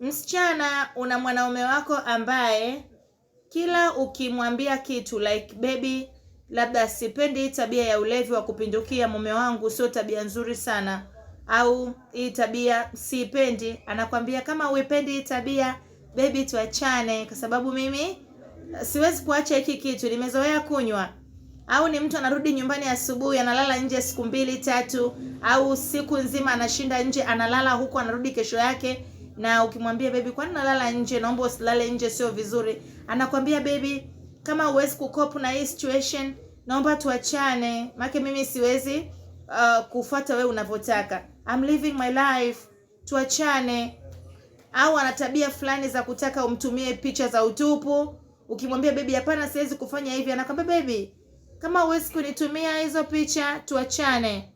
Msichana, una mwanaume wako ambaye kila ukimwambia kitu like baby, labda sipendi tabia ya ulevi wa kupindukia, mume wangu sio tabia nzuri sana, au hii tabia siipendi, anakwambia kama uipendi hii tabia baby, tuachane, kwa sababu mimi uh, siwezi kuacha hiki kitu, nimezoea kunywa. Au ni mtu anarudi nyumbani asubuhi, analala nje siku mbili tatu, au siku nzima anashinda nje, analala huko, anarudi kesho yake na ukimwambia baby, kwani nalala nje, naomba usilale nje, sio vizuri, anakwambia baby, kama huwezi kukopu na hii situation, naomba tuachane, make mimi siwezi uh, kufuata wewe unavyotaka, I'm living my life, tuachane. Au ana tabia fulani za kutaka umtumie picha za utupu. Ukimwambia baby, hapana, siwezi kufanya hivi, anakwambia baby, kama huwezi kunitumia hizo picha, tuachane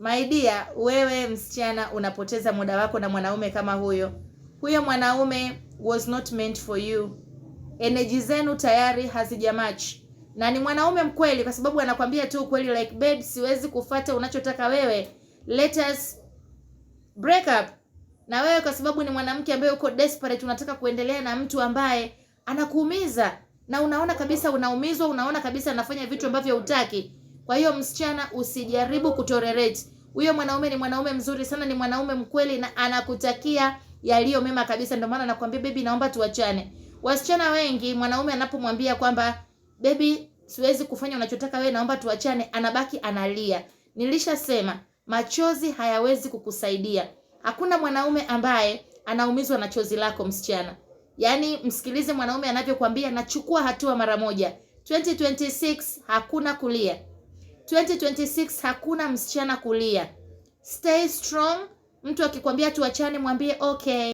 maidia wewe msichana unapoteza muda wako na mwanaume kama huyo. Huyo mwanaume was not meant for you. Energy zenu tayari hazija match. Na ni mwanaume mkweli kwa sababu anakwambia tu ukweli like babe, siwezi kufata unachotaka wewe. Let us break up. Na wewe kwa sababu ni mwanamke ambaye uko desperate unataka kuendelea na mtu ambaye anakuumiza na unaona kabisa unaumizwa, unaona kabisa anafanya vitu ambavyo hutaki. Kwa hiyo msichana, usijaribu kutolerate. Huyo mwanaume ni mwanaume mzuri sana, ni mwanaume mkweli na anakutakia yaliyo mema kabisa. Ndio maana nakwambia baby, naomba tuachane. Wasichana wengi mwanaume anapomwambia kwamba baby, siwezi kufanya unachotaka wewe, naomba tuachane, anabaki analia. Nilishasema machozi hayawezi kukusaidia. Hakuna mwanaume ambaye anaumizwa na chozi lako msichana. Yaani msikilize mwanaume anavyokuambia, nachukua hatua mara moja. 2026 hakuna kulia. 2026 hakuna msichana kulia. Stay strong. Mtu akikwambia tuachane, mwambie okay.